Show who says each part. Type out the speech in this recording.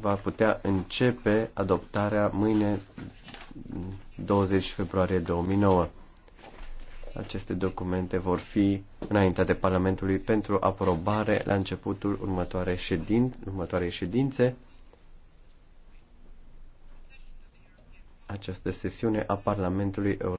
Speaker 1: va putea începe adoptarea mâine 20 februarie 2009. Aceste documente vor fi înaintate Parlamentului pentru aprobare la începutul următoarei ședin, următoare ședințe. Această sesiune a
Speaker 2: Parlamentului Europei.